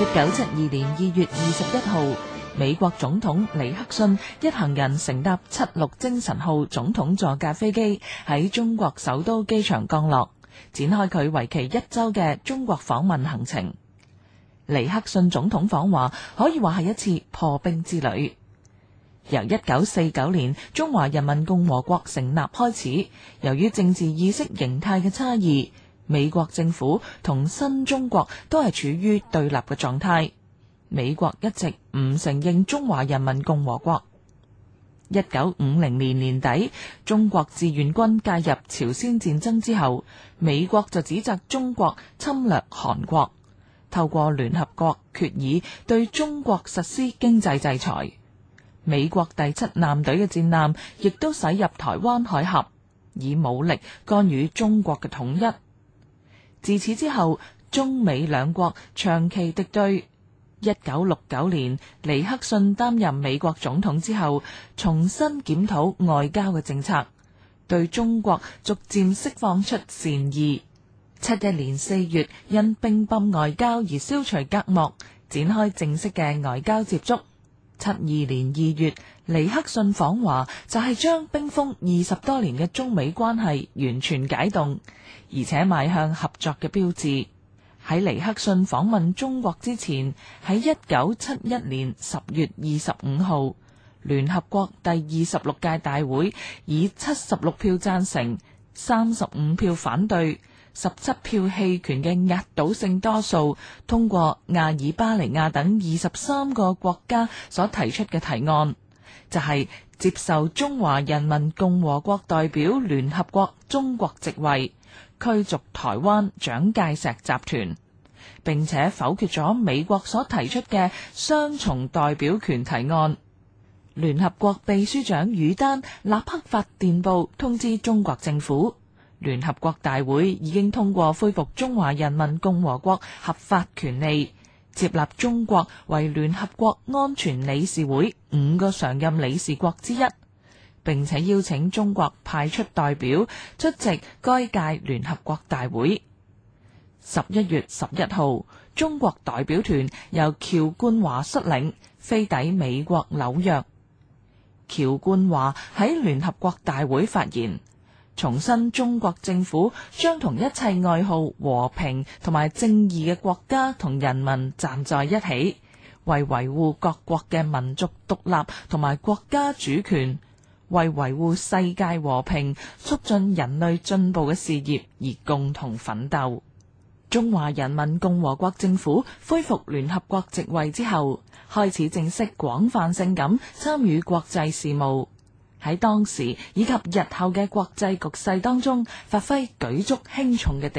一九七二年二月二十一號，美國總統尼克遜一行人乘搭七六精神號總統座駕飛機喺中國首都機場降落，展開佢為期一周嘅中國訪問行程。尼克遜總統訪華可以話係一次破冰之旅。由一九四九年中華人民共和國成立開始，由於政治意識形態嘅差異，美國政府同新中國都係處於對立嘅狀態。美國一直唔承認中華人民共和國。一九五零年年底，中國志願軍介入朝鮮戰爭之後，美國就指責中國侵略韓國，透過聯合國決議對中國實施經濟制裁。美國第七艦隊嘅戰艦亦都駛入台灣海峽，以武力干預中國嘅統一。自此之後，中美兩國長期敵對。一九六九年，尼克遜擔任美國總統之後，重新檢討外交嘅政策，對中國逐漸釋放出善意。七一年四月，因乒乓外交而消除隔膜，展開正式嘅外交接觸。七二年二月，尼克遜訪華就係將冰封二十多年嘅中美關係完全解凍，而且邁向合作嘅標誌。喺尼克遜訪問中國之前，喺一九七一年十月二十五號，聯合國第二十六屆大會以七十六票贊成，三十五票反對。十七票棄權嘅壓倒性多數通過，亞爾巴尼亞等二十三個國家所提出嘅提案，就係、是、接受中華人民共和國代表聯合國中國席位，驅逐台灣蔣介石集團，並且否決咗美國所提出嘅雙重代表權提案。聯合國秘書長吳丹立刻發電報通知中國政府。聯合國大會已經通過恢復中華人民共和國合法權利，接納中國為聯合國安全理事會五個常任理事國之一，並且邀請中國派出代表出席該屆聯合國大會。十一月十一號，中國代表團由喬冠華率領飛抵美國紐約。喬冠華喺聯合國大會發言。重申，中國政府將同一切愛好和平同埋正義嘅國家同人民站在一起，為維護各國嘅民族獨立同埋國家主權，為維護世界和平、促進人類進步嘅事業而共同奮鬥。中華人民共和國政府恢復聯合國席位之後，開始正式廣泛性咁參與國際事務。喺當時以及日後嘅國際局勢當中，發揮舉足輕重嘅地位。